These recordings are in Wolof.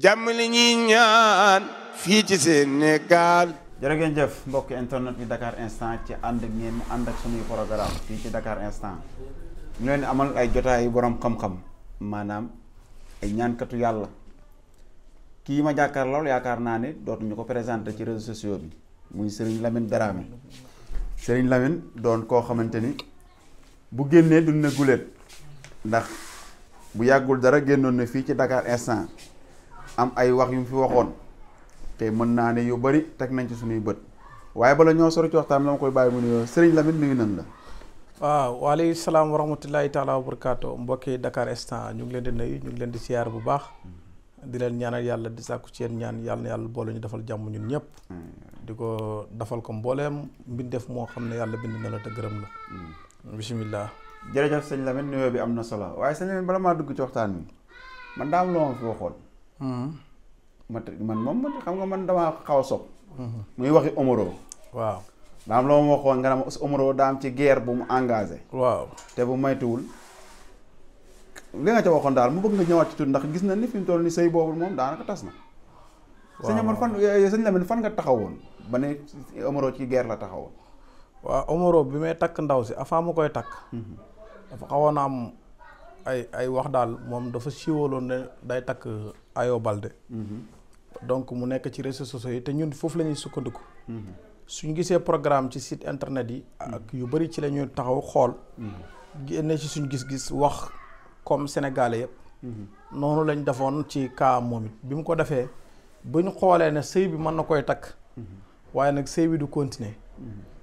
jàmm li ñuy ñaan fii ci Sénégal jërë ngeen jëf mbokki internet bi Dakar Instant ci ànd ak ngeen ànd ak suñuy programme fii ci Dakar Instant ñu leen amal ay jotaayu borom xam-xam maanaam ay ñaankatu yàlla kii ma jàkkaar lool yaakaar naa ne dootuñu ko présenté ci réseaux sociaux bi muy Serigne Lamine Dramé sëriñ Lamine doon koo xamante ni bu génnee duñ na guléet ndax bu yàggul dara génnoon na fii ci Dakar Instant am ay wax yu fi waxon te mën na ne yu bari tek nañ ci suñuy bëtt waye bala ñoo sori ci waxtaan la koy bayyi mu nuyoo Serigne Lamine nuyu nañ la. waaw waaleykum salam wa rahmatullahi taala wa barakatuh mbokki Dakar instant ñu ngi leen di nuyu ñu ngi leen di siyar bu baax. di leen ñaanal yalla di sakku ci yeen ñaan yalla yalla bo lañu defal jamm ñun ñepp diko ko defal ko mbooleem mbindeef def mo xamne yalla bind na la te gërëm la. jere mm. jere sëñ Lamine nuyo bi am solo waaye Lamine bala ma dugg ci waxtaan man daam lo fi Hmm. ma man moom xam nga man damaa xaw a sob hmm. muy waxi Omaro waaw daa am loo ma waxoon nga ne Omaro daa am ci guerre bu mu engagé waaw te bu maytuwul li nga ca waxoon daal mu bëgg nga ñëwaat ci tuuti ndax gis na ni fi mu toll ni sëy boobu moom daanaka tas na sëñ Omar fan eh, eh, sëñ Lamine fan nga taxawoon ba ne Omaro ci guerre la taxawoon waaw Omaro bi may takk ndaw si avant mu koy takk hmm. dafa xawoon am ay ay wax daal moom dafa siiwaloon day Ayo Balde. Mhm. donc mu nekk ci réseaux sociaux yi te ñun foofu la ñuy sukkandiku. Mhm. suñu gisee programme ci site internet yi. Mhm. ak yu bëri ci la ñuy taxaw xool. génne ci suñu gis-gis wax comme sénégalais yëpp. noonu lañ defoon ci kaa it bi mu ko defee bu ñu xoolee ne sëy bi mën na koy takk. waaye nag sëy bi du continuer.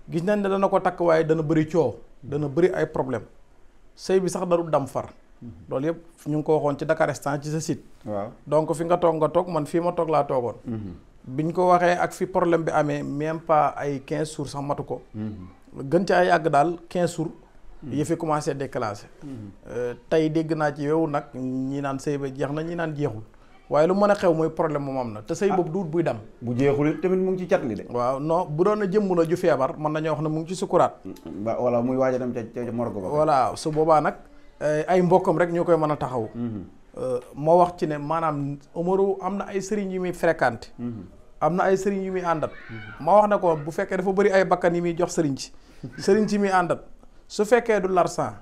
gis nañ ne dana ko takk waaye dana bëri coow. dana bëri ay problème sëy bi sax darul dam far. loolu yëpp ñu ngi ko waxoon ci Dakar instant ci sa site. donc fi nga toog nga toog man fii ma toog laa toogoon. Mhm. bi ñu ko waxee ak fi problème bi amee même pas ay quinze sour sax matu ko. Mhm. gën ci ay àgg daal quinze jours. Mhm. yëfi commencé déclassé. Euh, tey dégg naa ci yow nag ñi naan sëy ba jeex na ñi naan jeexul. waaye lu mën a xew mooy problème moom am na te sëy ah. boobu duut buy dam bu jeexul tamit mu ngi ci cat li de. waaw no bu doon a jëmm la ju feebar mën nañoo wax ne mu ngi ci sukuraat. wala muy waaj a dem ca ca morgue ba. voilà su boobaa nag. Eh, ay mbokkam rek ñoo koy mën a taxaw mhm. eh, ma wax ci ne maanaam Umaru am na ay sëriñ yu muy fréquenté mhm. am na ay sëriñ yu muy àndat mhm. ma wax ne ko bu fekkee dafa bëri ay bakkan yi muy jox sëriñ ci sëriñ ci muy àndat su fekkee du larsan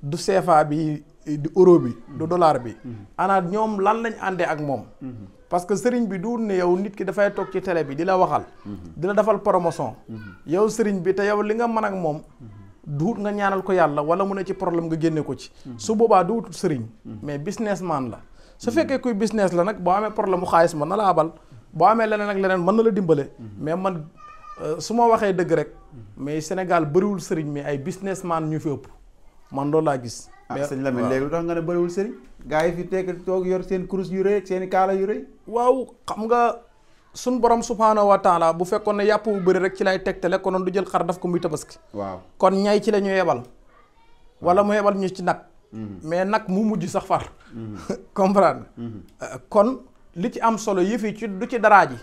du CFA bi du euro bi du dollar bi anaat ñoom lan lañ àndee ak moom parce que sëriñ bi du ne yow nit ki dafay toog ci télé bi di la waxal di la defal promotion yow sëriñ bi te yow li nga mën ak moom duut nga ñaanal ko yàlla wala mu ne ci problème nga génne ko ci. Mm-hmm. su boobaa duutul sëriñ. Mm-hmm. mais man la. su mm-hmm. fekkee kuy business la nag boo amee problème mu xaalis mën na la abal boo amee leneen ak leneen mën na la dimbale. mais man euh, su ma waxee dëgg rek. mais Sénégal bëriwul sëriñ mais ay business businessman ñu fi ëpp man loolu laa gis. ah sëñ Lamine léegi lu tax nga ne bëriwul sëriñ. gaa yi fi tekk toog yor seen kurus yu rëy seen i kaala yu rëy. waaw xam nga. suñ borom subhaanahu wa taala bu fekkoon ne yàpp bu bëri rek ci lay teg tegtale konoon du jël xar daf ko muy tabaski waaw kon ñay ci la ñu yebal wala mu yebal ñu ci nag mhm. mais nag mu mujj sax far mhm. comprendre mhm. euh, kon li ci am solo yëf yi ci du ci daraa ji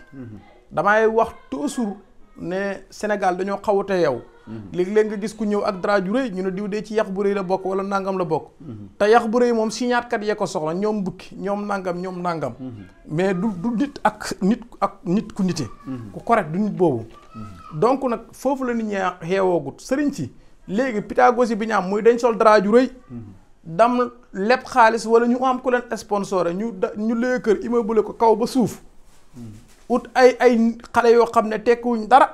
damay wax toujours ne Sénégal dañoo xaw a yow mhm. léegi-léeg nga gis ku ñëw ak dara ju rëy ñu ne diw dee ci yax bu rëy la bokk wala nangam la bokk mhm. te yax bu rëy moom signaatkat yee ko soxla ñoom bukki ñoom nangam ñoom nangam mhm. mais du du nit ak nit ak nit ku nite ku correct du nit boobu donc nag foofu la nit ñi xeewoogut sëriñ si léegi pédagogie bi ñu am muy dañ sol dara ju rëy dam leb xaalis wala ñu am ku leen sponsoré ñu da ñu lee kër ima bule ko kaw ba suuf wut ay ay xale yoo xam ne tekkiwuñ dara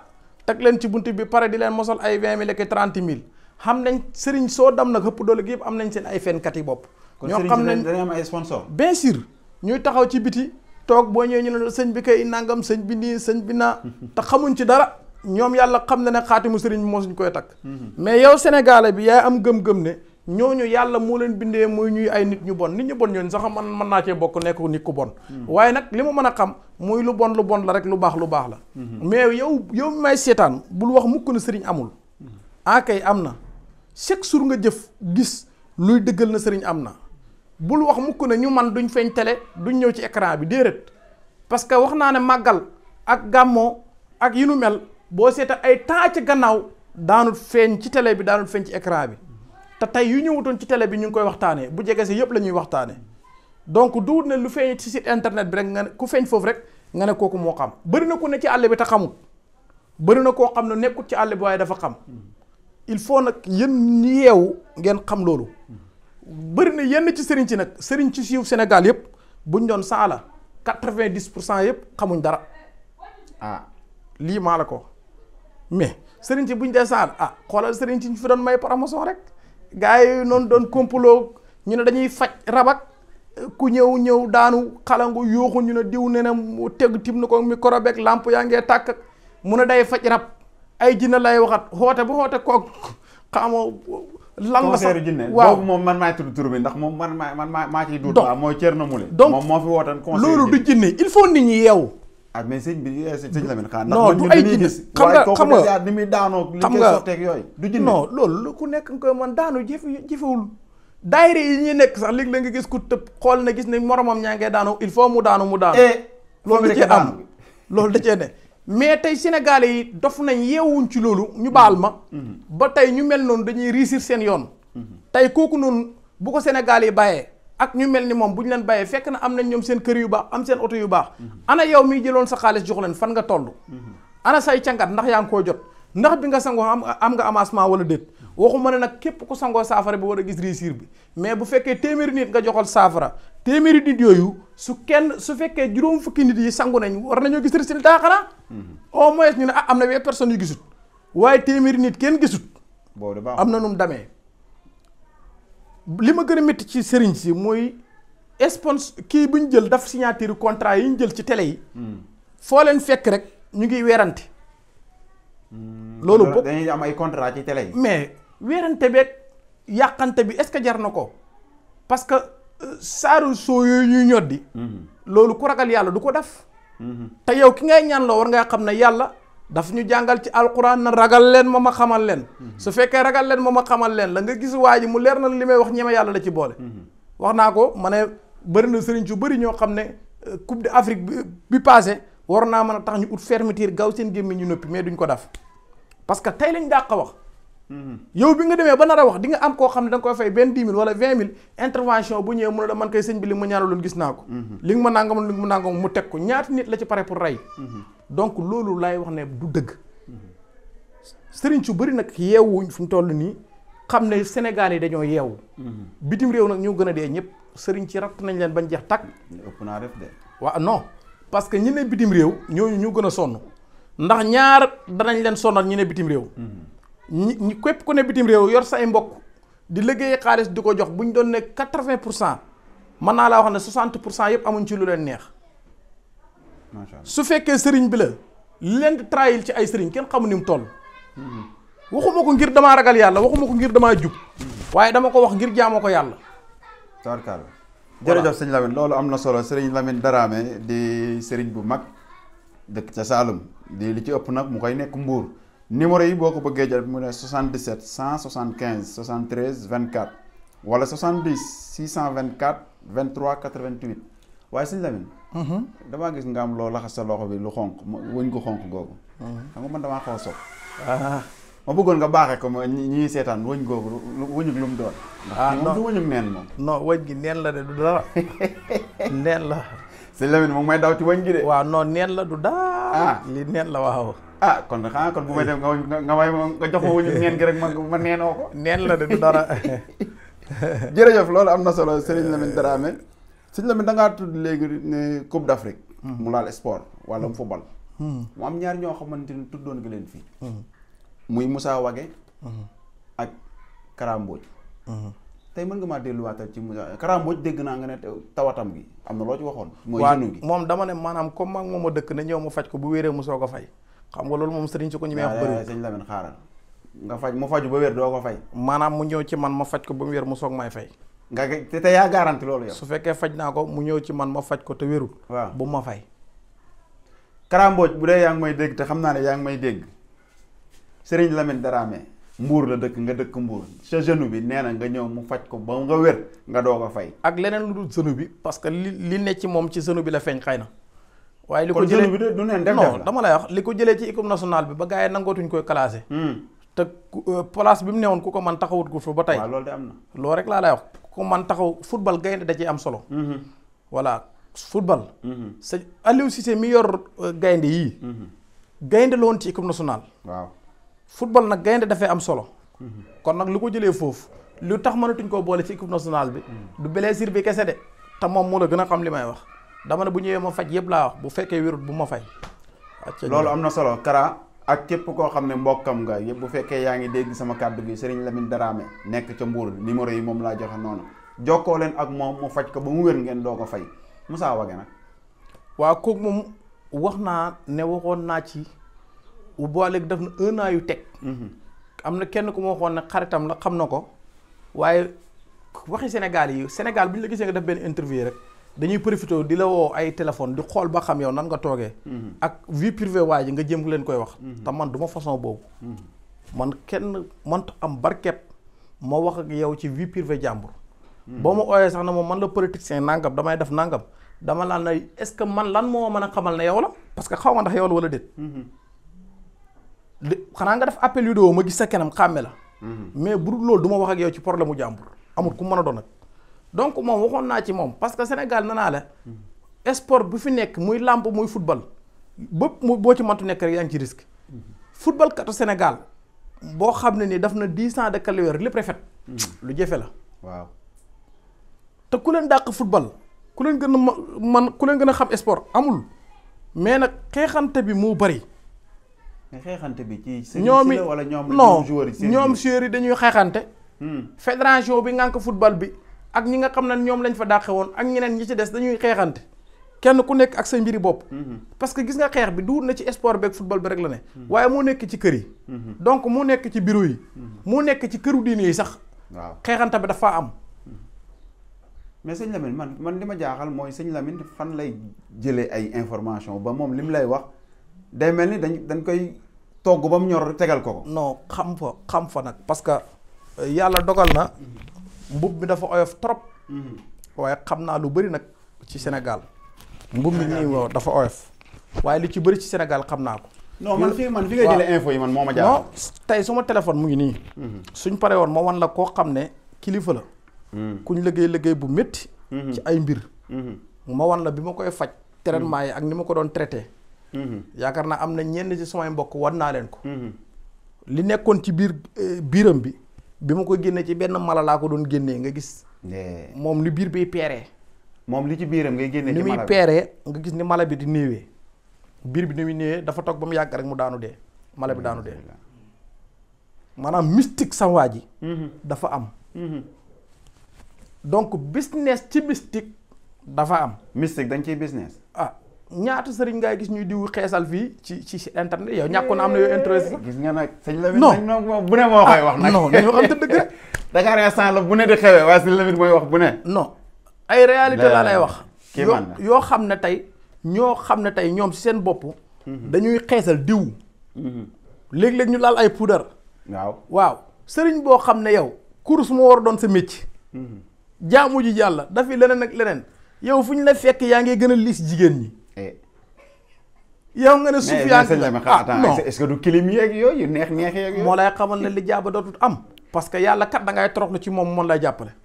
teg leen ci buntu bi pare di leen mosol ay vingt mille ak trente mille xam nañ sëriñ soo dam nag ëpp doole gi yëpp am nañ seen ay fenkat yi bopp. ñoo xam ne dañoo am ay sponsor bien sûr ñuy taxaw ci biti toog boo ñëwee ñu ne sëñ bi kay nangam sëñ bi nii sëñ bi naa. te xamuñ ci dara ñoom yàlla xam ne na ne xaatimu sëriñ moo suñ koy takk. Mhm. mais yow sénégalais bi yaay am gëm-gëm ne. ñooñu yàlla moo leen bindee mooy ñuy ay nit ñu bon nit ñu bon ñooñu sax man mën naa cee bokk nekk nit ku bon. Hmm. waaye nag li ma mën a xam muy lu bon lu bon la rek lu baax lu baax la. Hmm. mais yow yow may seetaan bul wax mukk na sëriñ amul. Hmm. ah am na chaque jour nga jëf gis luy dëggal na sëriñ am na bul wax mukk na ñu man duñ feeñ tele duñ ñëw ci écran bi déedéet parce que wax naa ne màggal ak gàmmoo ak yi nu mel boo seetaan ay temps ci gannaaw daanul feeñ ci télé bi daanul feeñ ci écran bi. te tey yu ñëwutoon ci télé bi ñu ngi koy waxtaanee bu jege si yëpp la ñuy waxtaanee donc duut ne lu feeñ ci site internet bi rek nga ku feeñ foofu rek nga ne kooku moo xam bëri na ku ne ci àll bi te xamul bëri na koo xam ne nekkut ci àll bi waaye dafa xam il faut nag yéen ñi yeewu ngeen xam loolu. bëri na yenn ci sëriñ ci nag sëriñ ci siiw Sénégal yëpp buñ doon saala quatre vingt pour cent yëpp xamuñ dara ah lii maa la ko mais sëriñ ci buñ dee saala ah xoolal sëriñ ci ñu fi doon may promotion rek. gars yi noonu doon complot ñu ne dañuy faj rabak ku ñëw ñëw daanu xalangu yuuxu ñu ne diw ne na mu tegu tim na ko micro beeg lamp yaa ngee tàkk mu ne day faj rab ay jinne lay waxat xoote bu xoote kook xamoo lan la sax jinne waaw boobu moom man maay tudd tur bi ndax moom man maa man maa maa ciy duut. waaw mooy Thierno Moule. donc moom moo fi wootan conseil loolu du jinne il faut nit ñi yeewu. ah mais sëñ bi eh, sëñ Lamine xanaa. non du ay jënd xam nga xam nga ni muy daanoo. li koy sotteeg yooyu du jënd non loolu ku nekk nga man daanu jëfe jëfewul daayira yi ñuy nekk sax léegi la nga gis ku tëb xool na gis ne moromam ñaa ngay daanu il faut mu daanu mu daanu. Eh, loolu da cee am loolu da cee ne. mais tey sénégalais yi dof nañ yeewuñ ci loolu ñu baal ma. Mm-hmm. ba tey ñu mel noonu dañuy réussir seen yoon. Mm-hmm. tey kooku noonu bu ko sénégalais yi bàyyee. ak ñu melni ni moom leen bàyyee fekk na am nañ ñom seen kër yu baax am seen auto yu baax. ana yow mi jëloon sa xaaliss jox leen fan nga tollu ana say ciangat ndax yaang ko jot ndax bi nga sango am am nga amassement wala deet waxuma ne nak képp ku sango safara bi wara gis réussir bi mais bu fekkee témir nit nga joxol safara témir nit yoyu su kenn su fekkee juroom fukki nit yi sangu nañ war nañu gis résultat xanaa. Mhm. au moins ñu ne ah, amna wé na yu gisut waye témir nit kenn gisut. am num nu li ma gën a métti ci sëriñ si mooy sponsor kii bu ñu jël daf signature contrat yi ñu jël ci tele yi. foo leen fekk rek ñu ngi weerante. Hmm. loolu boobu dañuy am ay contrat ci tele yi. mais weerante beeg yàqante bi est-ce que jar na ko parce que euh, saaru soo yooyu ñuy ñoddi. Hmm. loolu ku ragal yàlla du ko def. Hmm. te yow ki ngay ñaan loo war ngaa xam ne yàlla. daf ñu jàngal ci alquran na ragal leen ma ma xamal leen mhm. su fekkee ragal leen ma ma xamal leen la nga gis waa ji mu leer na li may wax ñeme yàlla la ci boole mhm. wax naa ko ma ne bëri na sëriñ su bëri ñoo xam ne euh, coupe afrique bi passé war naa mën a tax ñu ut fermeture gaaw seen gémmiñ ñu noppi mais duñ ko def parce que tey lañ dàq wax Mm-hmm. yow bi nga démé ba nara wax di nga am ko xam dang da koy fay benn dix wala 20000 intervention bu ñëw mu ne man kay señ bi li ma lool gis naa ko mm-hmm. li nga ma nangam li nga ma nangam mu tek ko ñaata nit la ci paré pour ray mm-hmm. donc loolu lay wax né du dëgg sëriñ ci bari nak yewu fu mu toll nii xam Sénégal yi dañoo yewu bitim rew nak ñu gëna dé dee ñëpp sëriñ ci rat nañ leen bañ jeex tak ëpp na def dé wa non parce que ñi ne bitim rew ñoo ñu gëna sonu ndax ñaar dañ leen sonal ñi ne bitim rew ñi ñi képp ku ne bitim réew yor say mbokk di liggéey xaalis di ko jox bu ñu doon ne quatre-vingt pour cent mën naa la wax ne soixante pour cent yëpp ci lu leen neex. su fekkee sëriñ bi la li leen di trahil ci ay sëriñ kenn xamu ni mu toll. Mm-hmm. waxuma ko ngir damaa ragal yàlla waxuma ko ngir damaa jub. Mm-hmm. waaye dama ko wax ngir jaamoo ko yàlla. tabarkaala jërëjëf sëñ Lamine loolu am na solo sëriñ Lamine daraame di sëriñ bu mag dëkk sa Saalum di li ci ëpp nag mu koy nekk mbuur numéro yi boo ko bëggee jot mu ne 77 175 73 24 wala 70 624 23 88 waaye sëñ Lamine. Mhm. damaa gis nga am loo laxas sa loxo bi lu xonq wëñ ko xonq googu. Mhm. xam nga man damaa xaw a sopp. Ah. ma bëggoon nga baaxee ko ma ñu ñuy seetaan wëñ googu lu wëñug lu mu doon. ah non du wëñug neen moom. non wëñ gi neen la de du dara neen la. sëñ Lamine moom may daw ci wëñ gi de. waaw la du dara. Ah. li neen la waaw. ah kon xanaa kon bu may def nga nga may nga jox ma wuñu neen gi rek ma ma neenoo ko. neen la de du dara. jërëjëf loolu am na solo Serigne Lamine Dramé Serigne la mi ngaa tudd léegi ne Coupe d'Afrique. Hmm. mu laal sport wàllum hmm. football. Hmm. mu am ñaari ñoo xamante ni tuddoon nga leen fii. muy musaa Wagué. ak Kara Mbodj. tey mën nga maa delluwaatal ci Moussa Kara Mbodj dégg naa nga ne tawatam gi am na loo ci waxoon. mooy gi moom dama ne maanaam comme maa ngi moom a dëkk ne ñëw ma faj ko bu wéeree mu soog fay. xam nga loolu moom sëriñ si ko ñu may wax bëriwul sëñ Lamine xaaral nga faj mu faju ba wér doo ko fay maanaam mu ñëw ci man ma faj ko ba mu wér mu soog may fay nga te te yaa garanti loolu su fekkee faj naa ko mu ñëw ci man ma faj ko te wérul waaw bu ma fay karambooj bu dee yaa ngi may dégg te xam naa ne yaa ngi may dégg sëriñ Lamine Daraame mbuur la dëkk nga dëkk mbuur sa genou bi nee na nga ñëw mu faj ko ba nga wér nga doo ko fay ak leneen lu dul genou bi parce que li li ne ci moom ci genou bi la feeñ xay na waaye li ko jëlee bi du neen def non dama lay wax li ko jëlee ci équipe nationale bi ba gars yi nangootuñ koy classé hmm. te euh, place bi mu newoon ku ko man taxawut ko fa ba tey loolu de am na loolu rek laa lay wax man taxaw football gaynde da ciy am solo hmm. voilà football hmm. sa Aliou Cissé mi yor euh, gaynde yii gaynde ci équipe nationale waaw nag gaynde dafay am solo kon nag li ko jëlee foofu lu tax mënatuñ koo boole ci équipe nationale bi du blessure bi kese de te moom moo la gën a xam li may wax dama ne bu ñëwee ma faj yëpp laa wax bu fekkee wérut bu ma fay. loolu am na solo Kara ak képp koo xam ne mbokkam nga yëpp bu fekkee yaa ngi dégg sama kàddu gi Serigne Lamine Darame nekk ca Mbour numéro yi moom laa joxe noonu jokkoo leen ak moom mu faj ko ba mu wér ngeen doo ko fay Moussa Wagué nag. waaw moom wax naa ne waxoon naa ci bu def na un yu teg. Mhm. am na kenn ku ma waxoon ne xaritam la xam na ko waaye waxi Sénégal yi Sénégal bu ñu la gisee nga def benn interview rek. dañuy profité di la woo ay téléphone di xool ba xam yow nan nga toogee. Mm-hmm. ak vie privée waa ji nga jëm leen koy wax. Mm-hmm. te man du ma façon boobu. Mm-hmm. man kenn mënta am barket ma wax ak yow ci vie privée jàmbur. boo ma ooyee sax na moom man la politicien nangam damay def nangam dama laan na est-ce que man lan moo mën a xamal ne yow la parce que xaw ma ndax yow la wala déet. xanaa nga def appel woo ma gis sa kenam xàmme la. mais bu dul loolu du wax ak yow ci problème mu jàmbur amul ku mën a doon nag. donc je suis parce que Sénégal nanaa la sport bu fi football bépp mu ci risque football du Sénégal boo de ni daf na ans de carrière le rafet lu jafe la te ku leen football qui sport, ku il a xam amul mais nag xeexante bi moo bëri a pas bi ci qui wala non dañuy la hmm. fédération football ak ñi nga xam ne ñoom lañ fa dàqe woon ak ñeneen ñi ci des dañuy xeexante kenn ku nekk ak sa mbiri bopp. Mhm. parce que gis nga xeex bi duur na ci sport beeg football bi rek la ne. Mhm. waaye moo nekk ci kër yi. Mhm. donc moo nekk ci bureau yi. moo nekk ci këru diine yi sax. waaw xeexante bi dafa am. mais sëñ Lamine man man li ma jaaxal mooy sëñ Lamine fan lay jëlee ay information ba moom li mu lay wax day mel ni dañ dañ koy togg ba mu ñor tegal ko ko. non xam fa xam fa nag parce que euh, yàlla dogal na. mbub mi dafa oyof trop. Mm-hmm. waaye xam naa lu bëri nag ci Sénégal. Mm-hmm. mbub mi nii dafa oyof. waaye li ci bëri ci Sénégal xam naa ko. non man fii man fi ngay jëlee info yi man moo ma jaaxal. non tey suma téléphone mu ngi nii. Mm-hmm. suñ paree woon moo wan la koo xam ne kilifa la. kuñ liggéey liggéey bu métti. ci ay mbir. ma wan la bi ma koy faj. traitement yi ak ni ma ko doon traité. yaakaar naa am na ñenn ci samay mbokk wan naa leen ko. li nekkoon ci biir eh, biiram bi. bi ma ko génnee ci benn mala laa ko doon génnee nga gis. moom ni biir bay peeree. moom li ci biiram ngay génne ci mala bi ni muy peeree nga gis ni mala bi di néewee. biir bi ni muy néewee dafa toog ba mu yàgg rek mu daanu dee. mala bi daanu dee. maanaam mystique sa ji. Mm-hmm. dafa am. Mm-hmm. donc business ci mystique dafa am. mystique dañ ciy business. ah ñaata sëriñ ngay gis ñuy diw xeesal fii ci ci internet yow ñàkkoon am na yow interest gis nga nag sëñ Lamine non bu ne moo koy wax nag non dañoo xam dëgg rek Dakar instant bu ne di xewee waaye sëñ Lamine wax bu ne non ay réalité la lay wax yoo xam ne tey ñoo xam ne tey ñoom si seen bopp mhm. dañuy xeesal diw mhm. léeg-léeg ñu laal ay puudar waaw waaw sëriñ boo xam ne yow course moo war doon sa métier mhm. jaamu ji yàlla dafi leneen ak leneen yow fu ñu la fekk yaa ngi gën a liis jigéen ñi Eh. yow nga ne Soufiane mais ah, est-ce que du kilim neex neex yeeg moo lay xamal ne li jaaba dootul am. parce que yàlla kat da ngay toroxlu ci moom moom lay jàppale.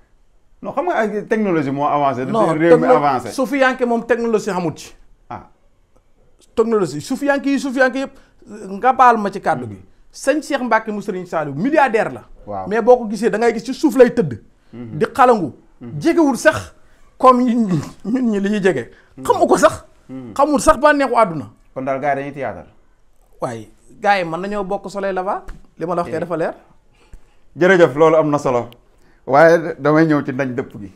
non xam nga technologie moo avancé. non réew mi moom technologie xamut ci. ah technologie Soufiane yi Soufiane yëpp nga baal ma ci kàddu gi. sëñ Cheikh Mbacke mu Sëriñ Saliou milliardaire la. waaw mais boo ko gisee dangay gis ci suuf lay tëdd. Mhm. di xalangu. Mhm. jegewul sax comme ñun ñi li ñuy jege. Mhm. xamu ko sax. Hmm. xamul sax ba neexu àdduna. kon daal gars yi dañuy théâtre. waaye gaa yi mën nañoo bokk la levant. li ma la wax tey eh. dafa leer. jërëjëf loolu am na solo. waaye damay ñëw ci ndañ dëpp bi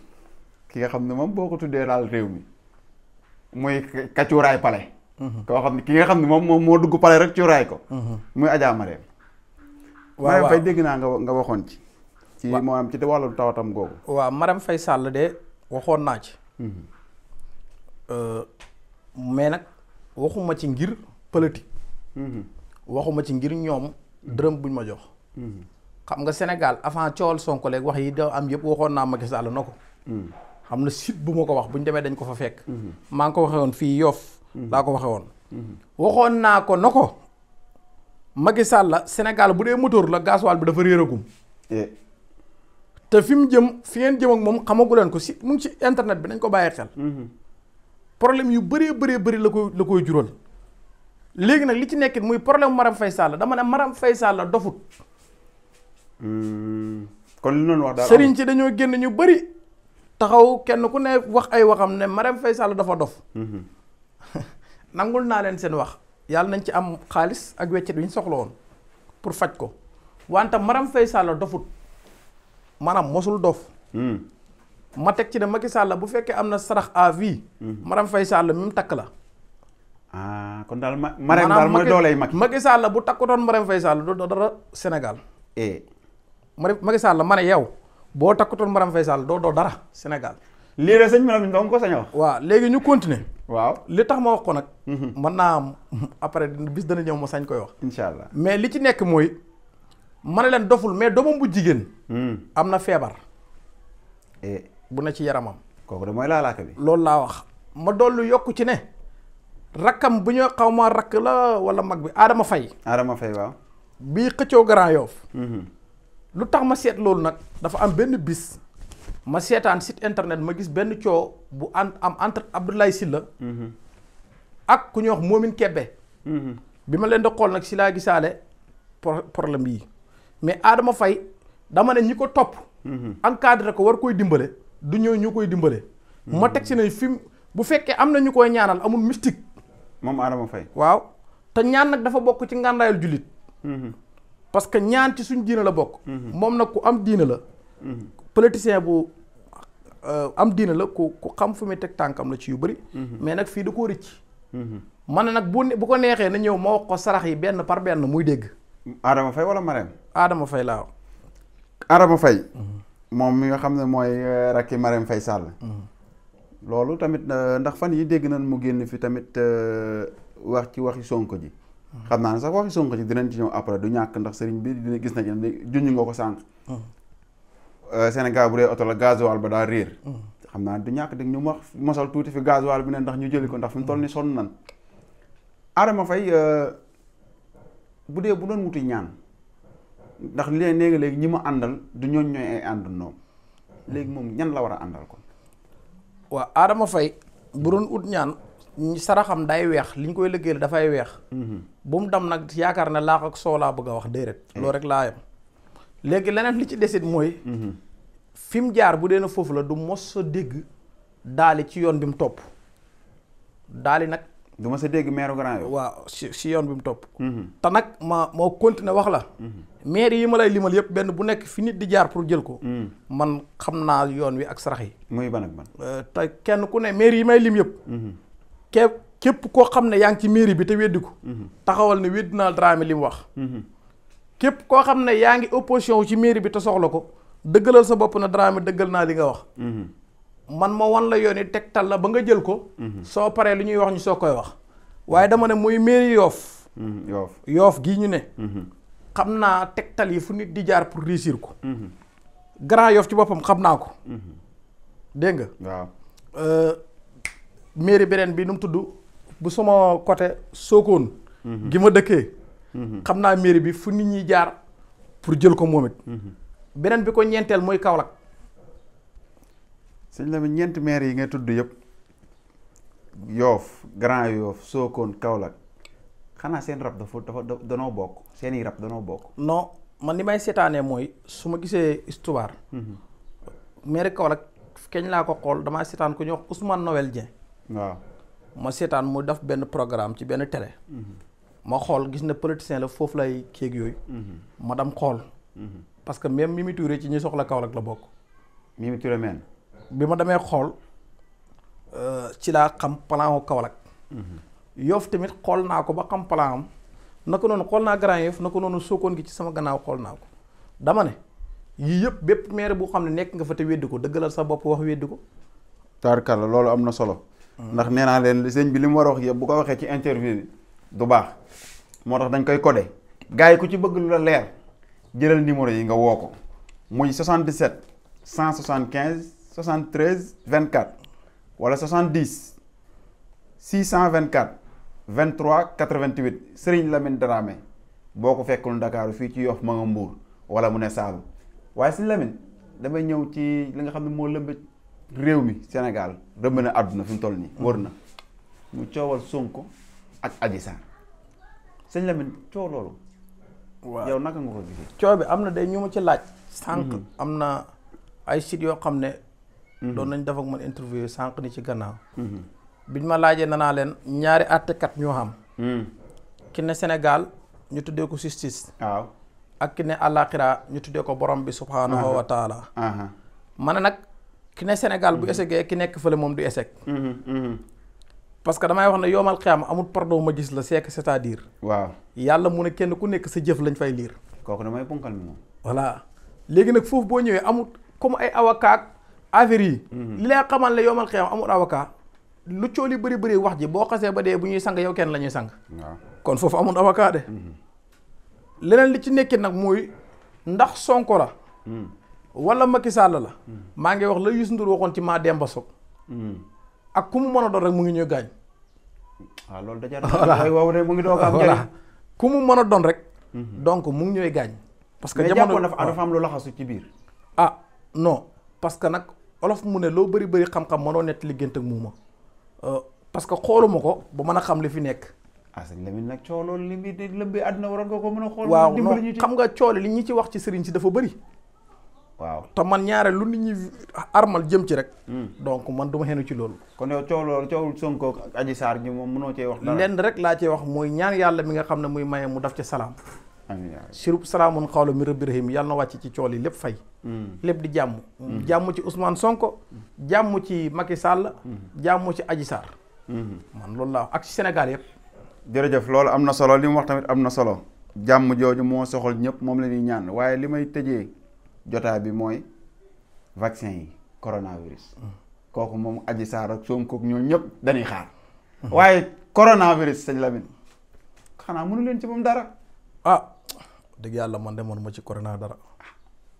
ki nga xam ne moom boo ko tuddee raal réew mi. muy kacuuraay pale. Hmm. koo xam ne ki nga xam ne moom moom moo dugg pale rek cuuraay ko. Hmm. muy Adja Marème. waaw Marème dégg naa nga nga waxoon ci. ci moo am ci wàllu tawatam googu. waaw Marème Faye Sall de waxoon naa ci. Euh, mais nag waxuma ci ngir politique. Mhm. waxuma ci ngir ñoom dërëm buñ ma jox. Mhm. xam nga senegal avant coowal Sonko léegi wax yi da am yëpp waxoon naa Macky Sall na ko. Mhm. xam na site bu ma ko wax bu ñu demee dañ ko fa fekk. maa ngi ko waxee woon fii Yoff. laa ko waxee woon. waxoon naa ko na ko Macky Sall la Sénégal bu dee motoor la gasoil bi dafa réeragum. Eh. te fi mu jëm fi ngeen jëm moom xamagu leen ko si mu ci internet bi nañ ko bàyyi xel. problème yu bëree bëree bari la koy la koy jural léegi nag li ci nekkit muy problème Maram fay Sall dama ne Maram fay Sall dofut. Hmm, kon li noonu wax daal ci dañoo génn ñu bëri taxaw kenn ku ne wax ay waxam ne Maram Faye Sall dafa dof. Hmm. nangul naa leen seen wax yàlla nañ ci am xaalis ak weccet wi ñu soxla woon pour faj ko wanta Maram fay Sall dofut maanaam mosul dof. Hmm. ma teg ci ne Macky Sall bu fekkee am na sarax à vie. Mhm. Marème Faye Sall mi mu takk la. ah kon daal ma Marème daal mooy dooley Macky. Macky Sall bu takkutoon Marème Faye Sall doo dara Sénégal. eh Macky Sall ma ne yow boo takkutoon Marème Faye Sall doo doo dara Sénégal. lii rek sëñ bi nag ñu ko sañ wax. waaw léegi ñu continuer. waaw li tax ma wax ko nag. Mhm. mën naa am après bis dana ñëw ma sañ koy wax. incha allah mais li ci nekk mooy. ma ne leen doful mais doomam bu jigéen. Hmm. am na feebar. E. bu na ci yaramam. kooku de mooy laalaaka bi. loolu laa wax ma dollu yokku ci ne rakkam bu ñu xaw ma rakk la wala mag bi Adama fay Adama Faye waaw. bii xëccoo Grand Yoff. Mhm. lu tax ma seet loolu nag dafa am benn bis ma seetaan site internet ma gis benn coow bu an am entre Abdoulaye Sylla mhm. ak ku ñuy wax Momin Kebbe. Mhm. bi ma leen di xool nag si laa gisaale problème yi mais aadama fay dama ne ñi ko topp. encadré ko war koy dimbale. du ñëw ñu koy dimbale. ma teg si nañ fi bu fekkee am na ñu koy ñaanal amul mystique. moom Adama fay waaw te ñaan nag dafa bokk ci ngàndaayal jullit. Mm-hmm. parce que ñaan ci suñ diina la bokk. Mm-hmm. moom nag ku am diina la. Mm-hmm. politicien bu euh, am diina la ku xam fu muy teg tànkam la ci yu bëri. mais nag fii du koo rëcc. man nag bu ne bu ko neexee na ñëw ma wax ko sarax yi benn par benn muy dégg. Adama Faye wala Marème. Adama Faye laaw. Adama fay moom mi nga xam ne mooy euh, rakki Marème fay Sall. Mm-hmm. loolu tamit euh, ndax fan yi dégg nañ mu génn fi tamit euh, wax ci waxi Sonko ji. Mm-hmm. xam naa ne sax waxi Sonko ji dinañ ci ñëw après du ñàkk ndax sëriñ bi dina gis nañ ne junj nga ko sànq. Mm-hmm. senegal bu dee oto la gasoil ba daal réer. xam naa du ñàkk dégg ñu wax mosal tuuti fi gasoil bi ne ndax ñu jëli ko ndax fi mu toll ni sonn nan Adama Faye bu dee bu doon wuti ñaan. ndax li léegi léegi ñi mu àndal du ñooñ ñooy ay àndandoo léegi moom ñan la war a àndal kon. waaw Adama Faye bu doon ut ñaan saraxam day weex li ñu koy liggéeyal dafay weex. Mhm. bu mu dam nag yaakaar ne laax ak soo laa bëgg a wax déedéet. Eh. loolu rek laa yam léegi leneen li ci desit mooy. Mhm. fi mu jaar bu dee na foofu la du mos sa dégg daali ci yoon bi mu topp daali nag. du ma sa dégg maire Grand Yoff. waaw si si yoon bi mu topp. Mhm. te nag ma moo continuer wax la. Mhm. maire yi ma lay limal yëpp benn bu nekk fi nit di jaar pour jël ko. Mhm. man xam naa yoon wi ak sarax yi. muy ban ak ban. Euh, te kenn ku ne maire yi may lim yëpp. képp képp koo xam ne yaa ngi ci mairie bi te weddi ko. taxawal ne weddi naa Dramé li mu wax. képp koo xam ne yaa ngi opposition wu ci mairie bi te soxla ko dëggalal sa bopp na Dramé dëggal naa li nga wax. man ma wan la yoon yi tegtal la ba nga jël ko. soo paree lu ñuy wax ñu soo koy wax. waaye dama ne muy mairie yoof. Mm-hmm. yoof yoof gii ñu ne. Mm-hmm. xam naa tegtal yi fu nit di jaar pour réussir ko. Mm-hmm. grand yoof ci boppam xam naa ko. dégg nga. waaw euh, beneen bi nu mu tudd bu sama côté Sokone. gi ma dëkkee. xam naa mairie bi fu nit ñi jaar pour jël ko moom it. beneen bi ko ñeenteel mooy Kaolack. sëñ Lamine ñeenti maire yi nga tudd yëpp Yoff Grand Yoff Sokone Kaolack xanaa seen rab dafa dafa danoo bokk seen i rab danoo bokk. non man ni may seetaanee mooy su ma gisee histoire. Mhm. maire Kaolack keñ laa ko xool damaa seetaan ku ñuy wax nowel Noël waaw ma seetaan mu def benn programme ci benn télé. Mhm. ma xool gis na politicien la foofu lay kéeg yooyu. Mhm. ma dam xool. parce que même Mimi Touré ci ñu soxla Kaolack la bokk. mi Touré men bi ma demee xool euh, ci laa xam kaw Kaolack mhm. Yoff tamit xool naa ko ba xam plan am naka noonu xool naa Grand Yoff naka noonu Sokone gi ci sama gannaaw xool naa ko dama ne yii yëpp bépp maire bu xam ne nekk nga fa te weddi ko dëggalal sa bopp wax weddi ko taarkalla loolu am na solo mm. ndax nee naa leen sëñ bi li mu war a wax yëpp bu ko waxee ci interview bi du baax moo tax dañ koy codé gars yi ku ci bëgg lu la leer jëlal numéro yi nga woo ko muy 77 175 vingt 24 wala 70 624 23 88 Serigne Lamine Dramé boo ko fekkul Ndakaaru fii ci Yoff ma nga Mbuur wala mu ne Saalum waaye Serigne Lamine damay ñëw ci li nga xam ne moo lëmbe réew mi Sénégal rëmb na àdduna fi mu toll nii. wër na mu coowal Sonko ak Adji Sarr Serigne Lamine coow loolu. yow naka nga ko gisee. coow bi am na day ñu ma ci laaj. sànq mm-hmm. am na ay sites yoo xam ne. doon mm-hmm. nañ def ak man interview sànq ni ci gannaaw. Mm-hmm. biñ ma laajee nanaa leen ñaari àttekat ñoo xam. Mm. ki ne Sénégal ñu tuddee ko justice. waaw ak ki ne àllaaxira ñu tuddee ko borom bi subhaanahu wa taala. ma ne nag ki ne senegal bu esegee mm-hmm. ki nekk fële moom du eseg. parce que damay wax ne yoomal xiyaam amul pardon ma gis la seek cest diir waaw yàlla mu ne kenn ku nekk sa jëf lañ fay liir. kooku damay punkal mi moom. voilà léegi nag foofu boo ñëwee amul comme ay avocat. affaire yi. Mhm. li lay xamal la yomal xiyam amul avocat. lu cool yi bëri bëri wax ji boo xasee ba dee bu ñuy sang yow kenn la ñuy sang. kon foofu amul avocat de. Mhm. leneen li ci nekkee nag mooy ndax Sonko la. Mhm. walla Macky Sall la. maa ngi wax la Youssou Ndour waxoon ci maa Demba Sow. ak ku mu mën a doon rek mu ngi ñuy gaañ. waaw ah, loolu dajar voilà mu ngi doog am njëriñ ku mu mën a doon rek. donc mu ngi ñooy gaañ. parce que jamono dafa am lu laxasu ci biir. ah non parce nag olof mu ne loo bëri bëri xam-xam mënoo nett li gént ak muuma euh, parce que xooluma ko bu mën a xam li fi nekk. ah sëñ Lamine nag coow loolu li muy lëmbee àdduna waroon nga ko mën a waaw non xam nga coow li ñu ci wax ci sëriñ si dafa bëri. waaw te man ñaare lu nit ñi armal jëm ci rek. Hmm. donc man du ma xenu ci loolu. kon yow coow loolu coowul Sonko ak Adji Sarr ñi moom mënoo cee wax dara. lenn rek laa cee wax mooy ñaan yàlla mi nga xam ne muy maye mu daf ca salaam. sirub salaamun xawla mi rabbi rahim yàlla na wàcc ci cool yi lépp fay hmm. lépp di jàmm hmm. jàmm ci Ousmane Sonko hmm. jàmm ci Macky sàll jàmm ci Adji Sarr man loolu laa ak ci Sénégal yëpp jërëjëf loolu am na solo li wax tamit am na solo jàmm jooju moo soxal ñëpp moom la ñuy waaye li may tëjee jotaay bi mooy vaccin yi coronavirus kooku moom Adji Sarr ak Sonko ñoo ñëpp dañuy xaar waaye coronavirus sëñ Lamine xanaa mënu leen ci moom dara ah, dëgg yàlla man de man ma ci corona dara.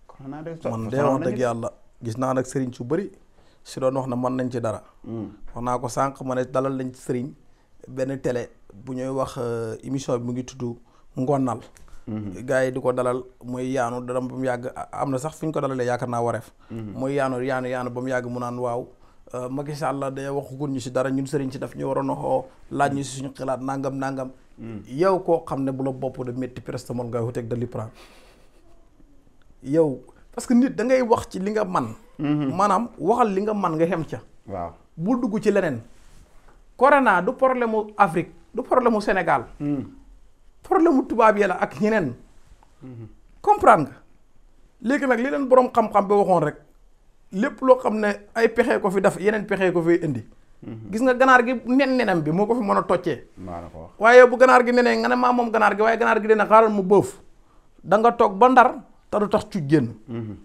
corona de man de wax dëgg yàlla gis naa nag sëriñ su bari si doon wax na mën nañ ci dara. Mm. wax naa ko sànq ma ne dalal nañ ci sëriñ benn télé bu ñuy wax euh, émission bi mu ngi tudd Ngonal. Mm-hmm. gars yi di ko dalal muy yaanu dara ba mu yàgg am na sax fu ñu ko dalalee yaakaar naa wareef. Mm-hmm. muy yaanu yaanu yaanu ba mu yàgg mu naan waaw. Euh, Macky Sall day waxagul ñu si dara ñun sëriñ si daf ñu waroon a xoo laaj ñu si suñu xalaat nangam nangam. Hmm. yow koo xam ne bu la bopp de métti prestamol ngay wuteeg Doliprane yow parce que nit da ngay wax ci li nga man hmm. maanaam waxal li nga man nga xem ca. waaw bu dugg ci leneen. corona du problème mu Afrique du problème mu Sénégal. Hmm. problème mu tubaab yi la ak ñeneen. comprendre nga léegi nag li leen boroom xam-xam bi waxoon rek. lépp loo xam ne ay pexe ko fi def yeneen pexe ko fi indi. Mhm. gis nga ganaar gi nen nenam bi moo ko fi mën a toccee. waaye bu ganaar gi nenee nga ne maa moom ganaar gi waaye ganaar gi dina xaaral mu bëf da nga toog ba ndar te du tax ci génn. Mhm.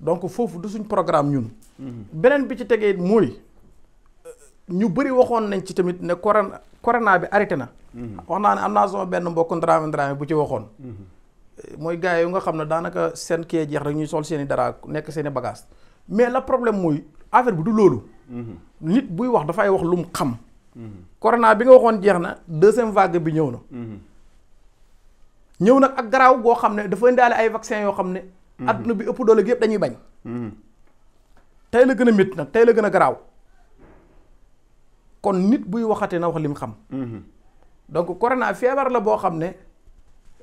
donc foofu du suñ programme ñun. Mhm. beneen bi ci tegee mooy euh, ñu bëri waxoon nañ ci tamit ne corona corona bi arrêté na. wax naa ne am naa sama benn mbokku ndaraame ndaraame bu ci waxoon. Euh, mooy gars yu nga xam ne daanaka seen kee jeex rek ñuy sol seen i dara nekk seen i bagage mais le problème mooy affaire bi du loolu. Mhm. nit buy wax dafay wax lu xam. Mhm. corona bi nga waxoon jeex na deuxième vague bi ñëw na. Mhm. ñëw nag ak garaaw goo xam ne dafa indaale ay vaccin yoo xam ne. adduna bi ëpp doole gi yëpp dañuy bañ. tey la gën a métti nag tey la gën a garaaw kon nit buy waxatee na wax lim xam. donc corona feebar la boo xam ne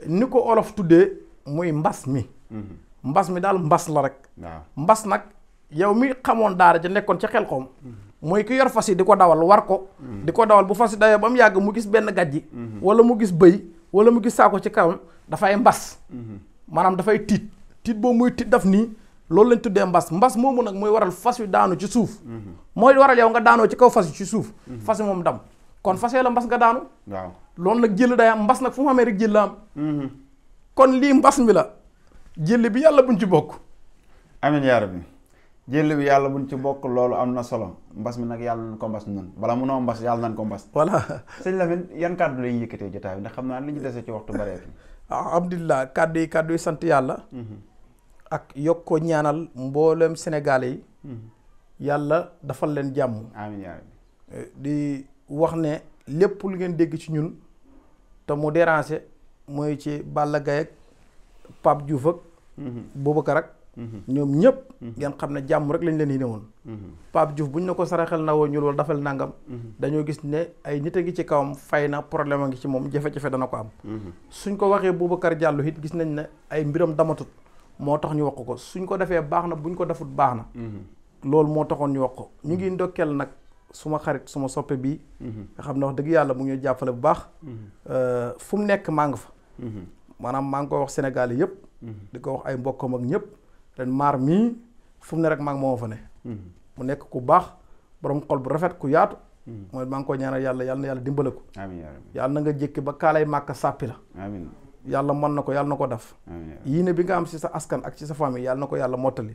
ni ko olof tuddee muy mbas mi. mbas mi daal mbas la rek. mbas nag. yow mi xamoon daara ja nekkoon ci xel koom mooy ki yor fas yi di ko dawal war ko di ko dawal bu fas yi dawee ba mu yàgg mu gis benn gàjji wala mu gis bëy wala mu gis saako ci kaw dafay mbas maanaam dafay tiit tiit boobu muy tiit daf nii loolu lañ tuddee mbas mbas moomu nag mooy waral fas yu daanu ci suuf mooy waral yow nga daanoo ci kaw fas yi ci suuf fas yi moom dam kon fas la mbas nga daanu waaw loolu nag jël day am mbas nag fu mu xamee rek jël la am mm-hmm. kon lii mbas la jël bi yàlla buñ ci bokk amiin yaa jël bi yàlla buñ ci bokk loolu am na solo mbas mi nag yàlla nañ ko mbas noonu bala munoo mbas yàlla na ko mbas. voilà la Lamine yan kàddu la ñuy yëkkatee jotaay bi ndax xam naa li ñu dese ci waxtu bareetu. Ah, alhamdulilah kàddu yi kàddu yi sant yàlla. Mhm. ak yokk ñaanal mboolem Sénégalais yi. Mhm. yàlla dafal leen jàmm. amiin yaa eh, di wax ne lépp lu ngeen dégg ci ñun te mu déranger mooy ci Balla Gaye ak Pape Diouf ak. Mhm. Boubacar ak. ñoom ñëpp mhm. ngeen xam ne jàmm rek lañu leen yi ne woon mhm. Pape Diouf bu ñu ne ko saraxel na woo ñuul wala dafal nangam mhm. dañoo gis ne ay nit a ngi ci kawam fay na problème a ngi ci moom jafe-jafe dana ko am suñ ko waxee Boubacar Diallo it gis nañ ne ay mbiram damatut moo tax ñu wax ko suñ ko defee baax na bu ñu ko defut baax na loolu moo taxoon ñu wax ko ñu ngi ndokkeel nag suma xarit suma soppee bii nga xam ne wax dëgg yàlla mu ngi jàppale bu baax euh, fu mu nekk maa nga fa maanaam maa ngi ko wax Sénégal yëpp di ko wax ay mbokkam ak ñëpp te maar mii fu mu ne rek maag moo fa ne. Hmm. mu nekk ku baax borom xol bu rafet ku yaatu. Hmm. mooy maa ngi ko ñaanal yàlla yàlla na yàlla dimbale ko. amiin yàlla na nga jékki ba kaalay màkk sàppi la. yàlla mën na ko yàlla na ko def. amiin yii ne bi nga am ci sa askan ak ci sa famille yàlla na ko yàlla mottali.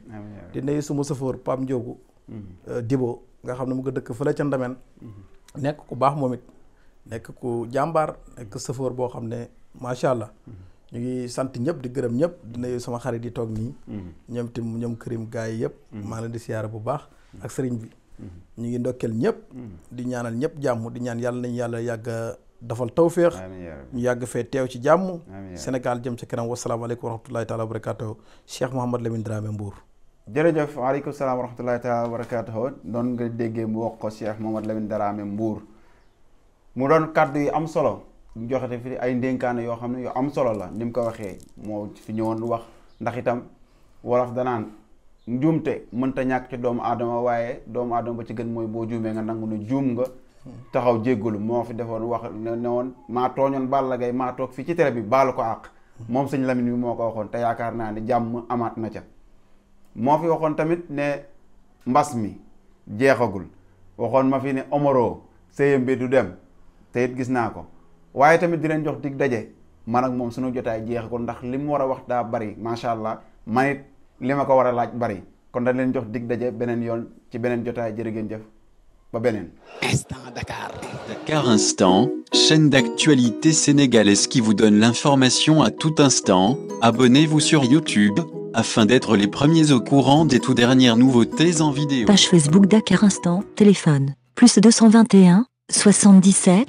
dina di nuyu suma sëfoor Pape Ndiogu. Hmm. Euh, Dibo nga xam ne mu nga dëkk fële ca Ndameen. nekk ku baax moom it nekk ku jàmbaar nekk sëfoor boo xam ne macha allah. ñu ngi sant ñëpp di gërëm ñëpp di nuyu sama xarit yi toog nii. Mm-hmm. ñoom tim ñoom kërim gars yi yëpp. Mm-hmm. maa di siyaara bu baax. Mm-hmm. ak sëriñ bi. ñu ngi ndokkeel ñëpp. di ñaanal ñëpp jàmm di ñaan yàlla nañu yàlla yàgg dafal tawféex. ñu yàgg fee teew ci jàmm. senegal jëm ci kanam wasalaamaaleykum wa rahmatulahi taala wa barakaatuhu Cheikh Mouhamed Lamine Dramé Mbour. jërëjëf waaleykum salaam wa rahmatulahi taala wa barakaatuhu doon nga déggee mu wax ko Cheikh Mouhamed Lamine Dramé Mbour mu am solo. ñu joxete fi ay ndénkaane yoo xam ne yu am solo la ni mu ko waxee moo fi ñëwoon wax ndax itam wolof danaan njuumte mënta ñàkk ci doomu aadama waaye doomu aadama ba ci gën mooy boo juumee nga nangu ne juum nga taxaw jéggalu moo fi defoon wax ne woon maa tooñoon Balla Gaye maa toog fii ci tere bi baalu ko àq moom sëñ Lamine moo ko waxoon te yaakaar naa ne jàmm amaat na ca moo fi waxoon tamit ne mbas mi jeexagul waxoon ma fi ne omoro séyam bi du dem te gis naa ko waaye tamit di leen jox dig daje man ak moom sunu jotaay jeex ko ndax li mu war a wax daa bari macha allah man it li ma ko war a laaj bari kon dañ leen jox dig daje beneen yoon ci beneen jotaay jërë ngeen jëf ba beneen. Instant Dakar. Dakar Instant, chaîne d'actualité sénégalaise qui vous donne l'information à tout instant. Abonnez-vous sur YouTube afin d'être les premiers au courant des tout dernières nouveautés en vidéo. Page Facebook Dakar Instant, téléphone, plus 221, 77,